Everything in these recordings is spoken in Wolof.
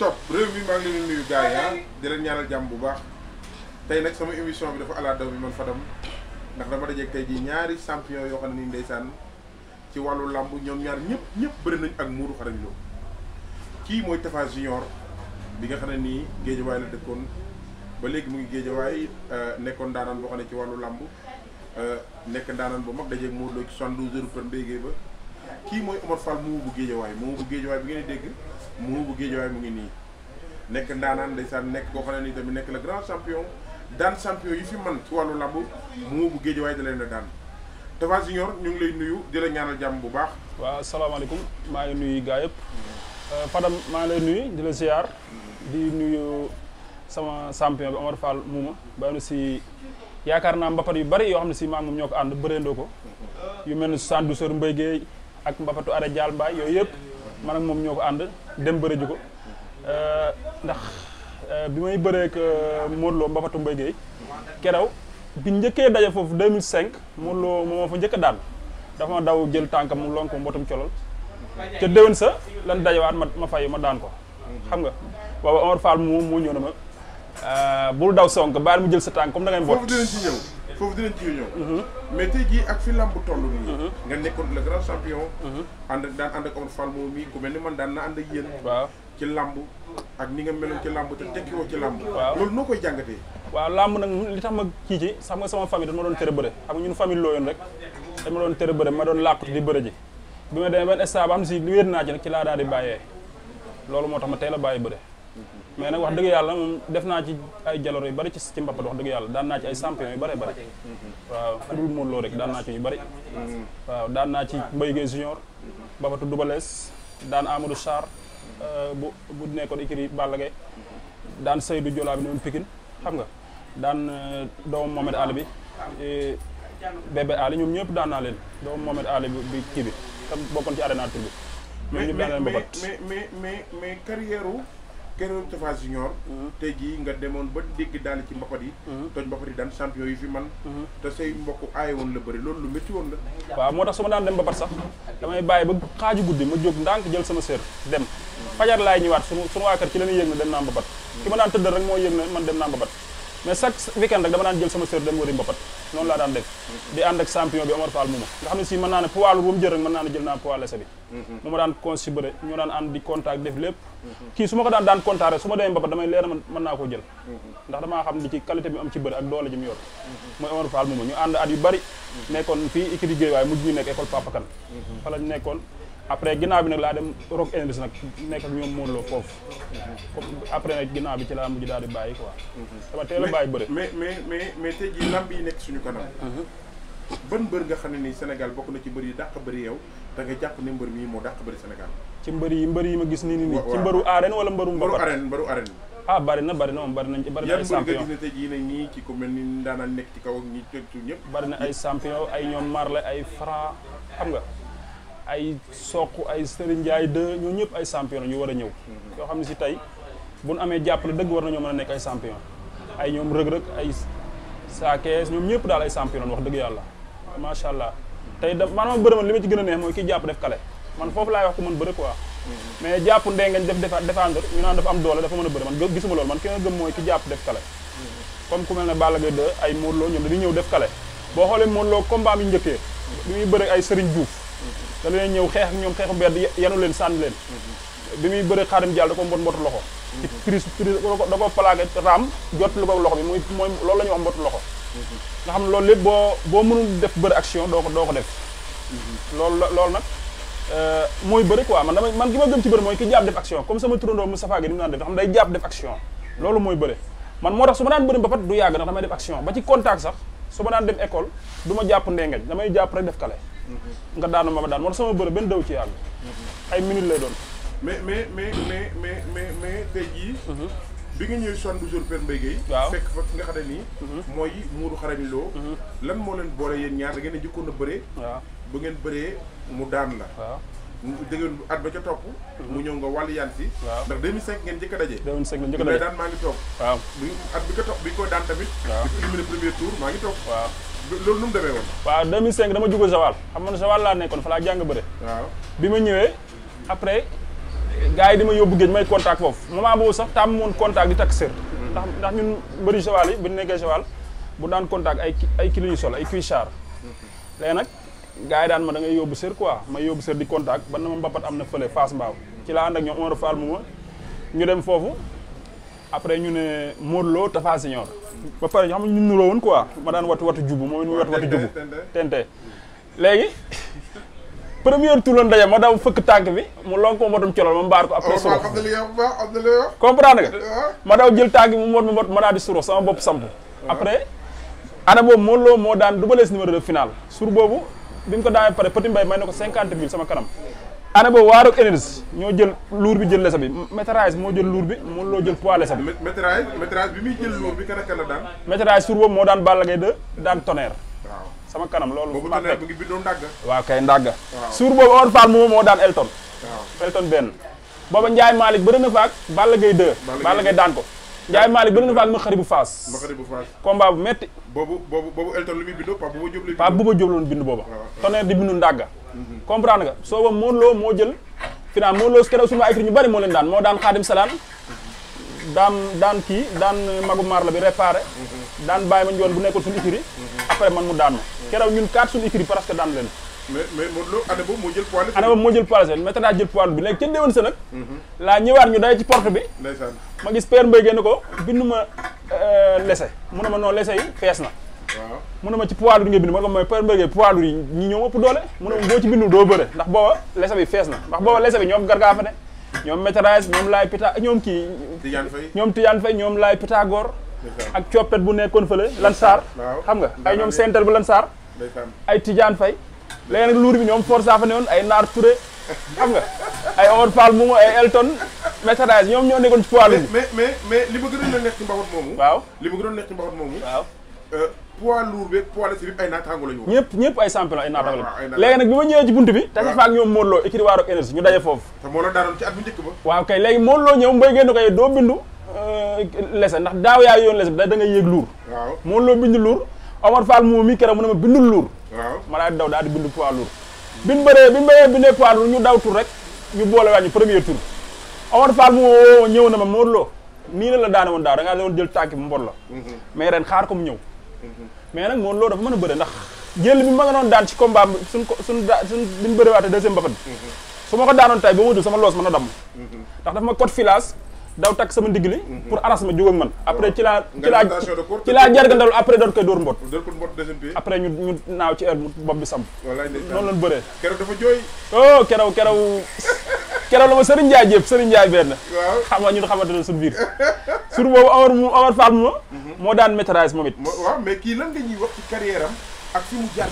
top réew mi maa ngi nuyu gars yi ah, di leen jàmm bu baax tey nag sama émission bi dafa ala daw bi man Fadam ndax dama dajeeg tey ji ñaari champion yoo xam ne nii ndeysaan ci wàllu làmb ñoom ñaar ñëpp ñëpp bëri nañ ak Modou Xarañ Lo kii mooy Tafa Junior bi nga xam ne nii géejawaay la dëkkoon ba léegi mu ngi géejawaay euh, nekkoon daanaan boo xam ne ci wàllu làmb euh, nekk daanaan bu mag dajeeg Modou Lo ci soixante-douze heures par ba ki moy Omar Fall mu bu way mo bu way bi ngeen di mo bu bu way mo ngi ni nek ndanan ndeysaan nekk koo xam ne tamit nek le grand champion dan champion yi fi man ci walu làmb mo bu géejawaay da leen dan daan Junior ñu ngi lay nuyu di la ñaanal jamm bu baax assalamu alaykum ma lay nuyu gaa yep euh, Fadam ma lay nuyu di la ziar di nuyu sama champion bi Omar Fall muuma ba na si yaakaar naa mbapat yu bari yo xamne ci ma mom ñoko and ko ànd ko yu melni 72 heures mbéy ak mbapatu ara jaal mbaay yooyu yëpp man ak moom ñoo ko ànd dem bëre ji ko euh, ndax euh, bi may bëreek euh, Modou Lo mbapatu Mbaye Guèye bi njëkkee daje foofu 2005 Modou Lo moo fa njëkk a daan dafa ma daw jël tànkam mu lonk mbotum colol ca déwén sa lan dajewaat ma ma fay ma daan ko xam nga waaw Omar Fall mu moo ñëw na ma bul daw sonk baal mu jël sa tànk comme da ngay mbot foofu dinañ ci ñëw. Mhm. mais tey jii ak fi lamb toll nii. Mhm. nga nekkoon le grand champion. Mhm. ànd ak daan ànd ak Omar Fall mii ku mel ni man daan na ànd ak yéen. waaw ci lamb ak ni nga meloon ci lamb te tekkiwoo ci lamb. waaw loolu noo koy jàngatee. waaw lamb nag li tax ma kii ci xam nga sama famille dañ ma doon tere bëre xam nga ñun famille loo yoon rek dañ ma doon tere bëre ma doon làkkut di bëre ji bi ma demee benn instant ba si wéer naa ci nag ci laa daal di bàyyee loolu moo tax ma teel bàyyi bëre mais nag wax dëgg yàlla moom def naa ci ay jaloor yu bari ci ci mbapat wax dëgg yàlla daan naa ci ay champion yu bari bari waaw ku dul Modou rek daan naa ci yu bari waaw daan naa ci Mbaye Gueye junior mbapatu Dubalees daan Amadou Sarr bu bu nekkoon écurie Balla Gaye daan Seydou Jola bi noonu Pikine xam nga daan doomu Mohamed Ali bi bébé Ali ñoom ñëpp daan naa leen doomu Mohamed Ali bi kii bi te bokkoon ci aréna tur bi ñoom ñëpp daan naa leen mbapat mais mais mais mais keneen Tapha Junior mm-hmm. tey jii nga demoon ba dégg daal ci mbapat yi mm-hmm. toj mbapat yi daan champion yi fi man mm-hmm. te say mbokk aaye woon la bëri loolu lu metti woon la waaw moo tax su ma daan dem ba bat sax damay bàyyi ba xaaju guddi ma jóg ndànk jël sama séer dem fajar laay ñëwaat sunu sunu waa kër ci la ñuy yëg dem naa mbapat ki ma daan tëddal rek moo yëg ne man dem naa mbapat mais chaque weekend rek dama daan jël sama sër dem wëri mbapat noonu laa daan def di ànd ak champion bi Omar Fall mu nga xam ne si mën naa ne poids lu bu mu jël rek mën naa ne jël naa poids lese bi mhm. mu ma daan considéré ñoo daan ànd di contact def lépp kii su ma ko daan daan contact rek su ma demee mbapat damay leer mën naa koo jël mhm. ndax damaa xam li ci qualité bi am ci bëri ak doole ji mu yor mhm. mooy Omar Fall mu ñu ànd at yu bari nekkoon fii équipe yi Guédiawaye mujj ñu nekk école Papakan fa nekkoon après ginnaaw bi nag laa dem rock énergie nag nekk ak ñoom Modou Lo foofu. après nag ginnaaw bi ci laa mujj daal di bàyyi quoi. dama teel a bàyyi bëri. mais mais mais mais tey jii lamb yi nekk suñu kanam. ban mbër nga xam ne nii Sénégal bokk na ci mbër yi dàq bëri yow da nga jàpp ne mbër mii moo dàq bëri Sénégal. ci mbër yi mbër yi ma gis nii nii. ci mbëru arène wala mbëru mbapat mbëru arène mbëru arène. ah bari na bari na moom bari nañ ci bari na ay champion yan mbir nga gis ne tey jii nag ñii ci ku mel ni daanaka nekk ci kaw ak ñi tëj ñëpp. bari na ay champion ay ñoom Marley ay Franc xam nga ay soq ay Serigne Ndiaye deux ñoo ñëpp ay champion ñu war a ñëw yoo xam ne si tey bu nu amee jàppale dëgg war nañoo mën a nekk ay champion ay ñoom rëg-rëg ay saakees ñoom ñëpp daal ay champion wax dëgg yàlla macha allah tey da maanaam bëri man li ma ci gën a neex mooy kii jàpp def kale man foofu laay wax ko mën bëri quoi mais jàpp ndengañ def défendre ñu naan dafa am doole dafa mën a bëri man gisuma loolu man ki nga gëm mooy ki jàpp def kale ne Balla Gaye 2 ay Modou Lo ñëw def kale boo xoolee Modou Lo combat bi njëkkee bi muy bëri ay Serigne da leen ñëw xeex ak ñoom xeexu mbedd yanu leen sànni leen bi muy bëre xaarim jàll da ko mbot mbotu loxo ci prise prise da ko plaqué raam jot lu ko loxo bi muy mooy loolu la ñu wax loxo nga xam mënul def bëri action doo ko doo ko def loolu nak nag euh, mooy bëri quoi man dama man gi ma gëm ci bëri mooy ki jàpp def action comme sama turandoo Moustapha gi ni mu naan def xam day jàpp def action loolu mooy bëri man moo tax su ma ba du yàgg ndax damay def action ba ci contact sax su ma dem école du ma jàpp damay jàpp rek def nga daanu ma ma daan man sama bëre benn daw ci yàlla. ay minutes lay doon. mais mais mais mais mais mais mais bi nga ñëwee soixante douze jours Père Mbaye Gueye. waaw fekk fa ki nga xam ne nii. mooy Mourou Xarañ mhm. lan moo leen boole yéen ñaar da ngeen a jëkkoon a bëree. waaw bu ngeen bëree mu daan la. waaw mu déggoon at ba ca topp. Mhm. mu ñëw nga wàllu yan si. waaw ndax 2005 ngeen njëkk a daje. 2005 ngeen njëkk a daje daan maa ngi toog. waaw at bi ko topp bi ko daan tamit. waaw di ngi toog. waaw. loolu nu mu demee woon. waaw 2005 dama jógul Zawal xam nga Zawal laa nekkoon fa laa jàng bëre. waaw bi ma ñëwee après gars yi di ma yóbbu géej may contact foofu moment boobu sax tàmm woon contact di takk sër. Hmm. ndax ndax ñun bëri Zawal yi bu nekkee Zawal bu daan contact ay ay kilo yu sol ay cuissard. Hmm. léegi nag gars yi daan ma da ngay yóbbu sër quoi may yóbbu sër di contact ba na ma mbapat am na fële Fass Mbaaw ci laa ànd ak ñoom Omar Fall mu ma ñu dem foofu. après ñu ne Modou Lo Tafa Senior ba pare ñu xam ñu nuroo woon quoi ma daan watu watu jubu moom it mu watu watu jubu tente léegi premier tour la ndaje ma daw fëkk tànk bi mu lonk ko motum colol ma mbaar ko après oh, suro comprendre nga ah. ma daw jël tànk bi mu mot ma mot ma daal di suro sama bopp samp ah. après ana boobu Modou Lo moo daan du balees numéro de finale sur boobu bi mu ko daan pare Petit Mbaye ma na ko cinquante mille sama kanam année boobu waa Rock Énergie ñoo jël luur bi jël lesa bi métérage moo jël luur bi Modou loo jël poids lesa bi. métérage métérage bi muy jël luur boobu moo daan Balla Gaye 2 daan tonnerre. sama kanam loolu. boobu tonnerre bi ngi bindoon ndàgg. waaw kay moo daan Elton. waaw Elton benn. booba Ndiaye Malick bëri na fa ak Balla Gaye daan ko. Ndiaye Malick bëri na fa ak Makharibu Faas. Makharibu Faas combat bu metti. boobu boobu boobu Elton lu muy bindoo Pape bind booba tonnerre di bindu ndàgga comprendre nga soo ba moo Lo moo jël final Modou Lo keroog suñu waa écrit ñu bari moo leen daan moo daan xaadim salaan daan daan kii daan magu maar la bi réparé daan bàyyi ma njoon bu nekkul suñu écrit après man mu daan ma keroog ñun quatre suñu écrit parce que daan leen mais mais Modou Lo année boobu moo jël poids année boobu moo jël poids mais tataa jël poids bi léegi ca déwén sa nag mhm. laa ñëwaat ñu day ci porte bi ma gis père génn ko bindu ma euh, lese mu ne ma noo lese yi fees na mu ne ma ci poids lourd nga bind ma ne ko mooy par mbërgee poids lourd yi ñi ñoom ëpp doole mu ne ma boo ci bindu doo bëre ndax booba lesa fees na ndax boo lesa bi ñoom gargaa fa ñoom métrage ñoom laay pita ñoom kii ñoom Tidiane Faye ñoom laay Pythagore ak coppet bu nekkoon fële lan saar xam nga ay ñoom centre bu lan saar ay tijaan Faye léegi luur bi ñoom force fa ne woon ay naar Touré xam nga ay Omar Fall moomu ay Elton métadage ñoom ñoo nekkoon ci poids mais mais mais li ma gënoon a nekk ci li ma gënoon nekk ci mbaxut waaw euh, poids lourd beeg poids léger bi ay naataango la ñu woon. ñëpp ñëpp ay champion ay naataango la léegi nag bi ma ñëwee ci buntu bi. waaw tase fa ak ñoom Modou Lo écurie Waarok énergie ñu daje foofu. te Modou Lo daanoon ci at bu njëkk ba. waaw kay léegi Modou Lo ñëw mbéy génn koy doo bindu euh, lese ndax daaw yaa yoon lese bi da ngay yéeg lourd. waaw Modou Lo bindu lourd Omar Fall moom mi keroog mu ne ma bindul lourd. waaw ma daal di daw daal di bindu poids lourd. bi mu bëree bi mu bëree bindee poids lourd ñu daw tur rek ñu boole waa ñu premier tour Omar Fall mu ñëw na ma Modou Lo nii la la daane woon daaw da ngaa doon jël tànk bi mbor la mhm. mais ren xaar ko mu ñëw mais nag moom loolu dafa mën a bëre ndax jël bi ma nga doon daan ci combat bi suñ ko suñ da suñ bi mu bëre waatee deuxième bafat bi mhm. su ma ko daanoon tay ba mu sama loos mën a damm mhm. ndax dafa ma code filage daw takk sama ndigli mhm. pour aras ma jóg man après ci laa ci laa ci laa jargandalu après doon koy dóor mbot après ñu ñu naaw ci heure bopp bi sam noonu lañ bëree keroog dafa jooy oh, keroog la ma Serigne Ndiaye jëf Serigne Ndiaye benn. waaw xam nga ñun xamante ne suñu biir. sur boobu Amar mu ma. Mhm. moo daan météorage moom it. waaw mais kii lan nga ñuy wax ci carrière ak fi mu jaar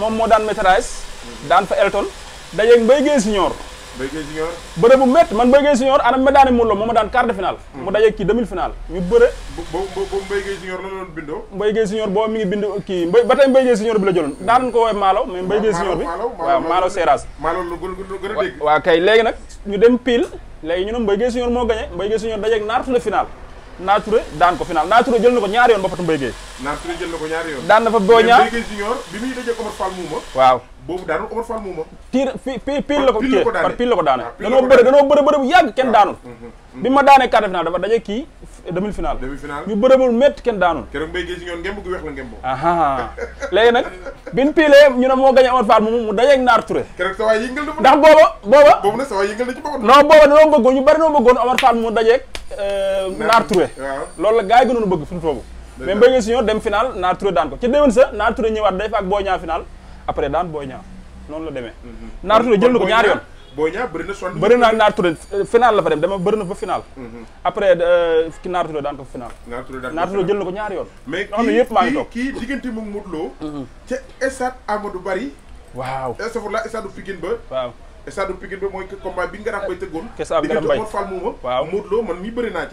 moom moo daan météorage. Mhm. daan fa Elton dajeeg Mbaye Guèye Senior. Bégué Junior. bëre bu métti man Bégué Junior anam ma daane Modou Lo moo ma daan quart de finale. Hmm. mu daje kii demi finale ñu bëre. bo bo bo Bégué Junior la doon bindoo. Bégué Junior boo mi ngi bind kii mbay ba tey Bégué Junior bi la jëloon daan ko woowee Maalaw. mais Bégué a dégg. waaw kay léegi ñu dem pile léegi ñu ne Bégué Junior moo daan ko final Narou Touré jël na ko ñaari yoon ba fatu Mbaye Gueye. Narou daan na fa booñaa mais Mbaye Gueye junior bi muy dajee Omar Fall muuma. waaw boobu daanul Omar Fall moom tiir pii pile la ko kii par pile la ko daane danoo bëri danoo bëri bëri bu yàgg kenn ah, daanul bi ma daanee quart de finale dafa daje kii demi finale demi finale ñu bërëbul métti kenn daanul la ngemb aha ah, ah. léegi nag bin piilee Naar Touré fi mu toogu mais mbay géej ñoon dem finale Naar Touré daan ko ci déwén sa Naar Touré ñëwaat day fa ak Boy après daan Boy noonu la demee. Mhm. Naar Touré jël na ko ñaari yoon. Boy Niang bëri na soixante bëri na Naar Touré euh, final la fa dem dama bëri na fa final. Mhm. après ki euh, Naar Touré daan ko final. Naar Touré ko jël na ko ñaari yoon. mais kii kii diggante mu Modou Lo. Mhm. ca stade Amadou Barry. waaw stade Pikine ba. waaw. stade Pikine ba mooy combat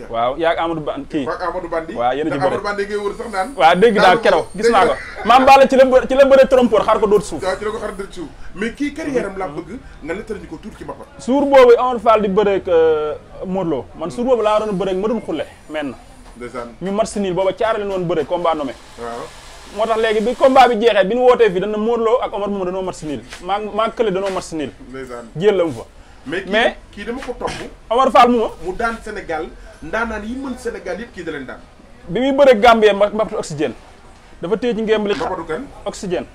waaw yaa ak Amadou kii ak Amadou a ci bëri Amadou dégg naa keroog gis naa ko maam Balla ci la ci la bëre trompeur xaar ko dóor suuf suur boobu Amadou Fall di bëreeg euh, Modou man suur boobu laa waroon bëreeg ma doon xulle men na ñu mat si niil booba caara leen woon bëreeg combat moo tax léegi bi combat bi jeexee bi ñu wootee fii dana Modou Lo ak Omar moom danoo mat si niil maa maa kële danoo mat si niil jël la mu fa mais kii dama ko topp Omar Fall mu ma mu daan Sénégal ndaanaan yi mën Sénégal yëpp kii da leen daan bi muy bëre Gambie mbaptu oxygène dafa téye ci ngémb li oxygène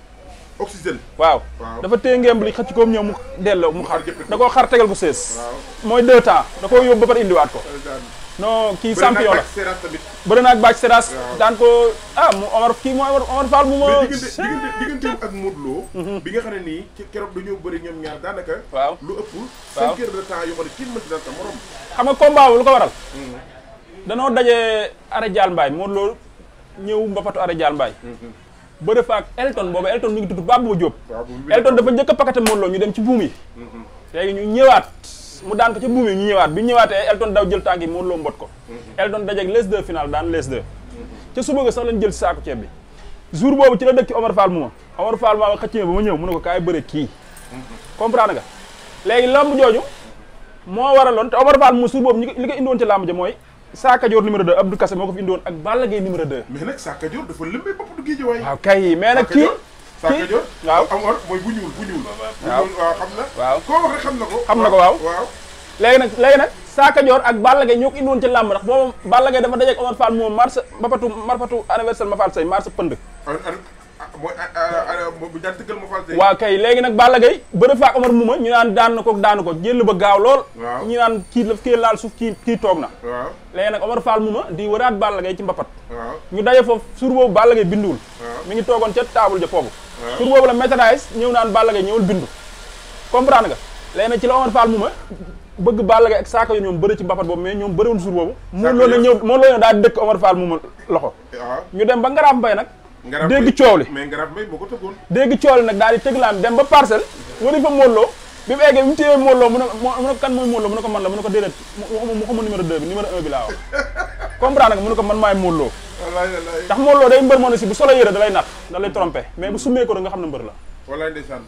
oxygène waaw dafa téye ngémb li xëcc koom ñëw mu delloo mu xar da koo xar tegal ko sees mooy deux temps da koo yóbbu ba pare indiwaat ko non ki champion la bëri na Bac Seras dan ko ah mu Omar kii mooy Omar Fall mu mo diggante digganteem ak modlo mhm. bi nga xam ni ci kérok dañu bëri ñom ñaar daanaka. waaw lu ëpp. 5 cinq de temps yu ko ne kii mën na sa morom. xam nga combat wu lu ko waral. Mhm. dañu dajé Ara Dial mbay modlo Lo ñëw mbapatu Ara Dial mbay mhm. ba def ak Elton bobu Elton mi ngi tuddu babu job Elton dafa ñëk a modlo ñu dem ci buum yi. léegi ñu ñëwaat. mu daan ko ca buumi ñu ñëwaat bi ñëwaatee Elton daw jël tànk yi Modou Lo mbot ko mhm. Elton dajeeg les deux daan les mhm. ca suba ga sax lañ jël si ceeb bi jour boobu ci la dëkk ci Omar Fall mu ma Omar Fall maa ma xëcc ba ma ñëw mu ne ko kaay bëre kii mhm. comprendre nga léegi lamb jooju moo waraloon te Omar Fall mu suur boobu li ko indoon ci lamb ja mooy Saka Dior numéro 2 Abdou Kassé moo ko fi indiwoon ak Balla Gaye numéro 2. mais nag waaw kay Sakka waaw waaw waaw xam na. waaw koo wax xam na ko. xam na ko waaw waaw. léegi nag léegi nag Sakka Dior ak Balla Gaye ñoo ko indiwoon ci làmb ndax boobu Balla Gaye dafa dajeeg Omar Fall moom mars mapatu mapatu anniversaire ma Fall say mars pënd. waaw kay léegi nak Balla Gaye bëre faak Omar Mouma ñu naan daan na ko daanu ko jël ba gaaw lool ñu naan kii la kii laal suuf kii kii toog na léegi nag Omar Fall Mouma di wëraat Balla Gaye ci mbapat ñu daje foofu sur boobu Balla Gaye binduwul mi ngi toogoon ca taabul ja foofu sur boobu la métadise ñëw naan Balla Gaye ñëwul bindu comprendre nga léegi nag ci la Omar Fall Mouma bëgg Balla Gaye ak saaka ñoom bëri ci mbapat mais ñoom sur Omar Fall loxo ñu dem ba bay dégg coow mais ngarab may moo ko tëggoon dégg coow li daal di tegg lam dem ba parcel wari fa mollo bi mu eggee bi mu téyee molloo mu ne kan mooy mollo mu ne ko man la mu ne ko déedéet mu xamul numéro 2 bi numéro 1 bi la wax comprendre nak mu ne ko man maay molloo tax mollo day mbeur moo ci bu solo yéré dalay nat dalay da trompé mais bu summee ko nga xam ne mbër la wallaay ndeysaan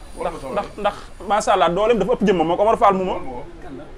ndax ndax ma sha allah dolem dafa ëpp jëm moo ko war faal mu mo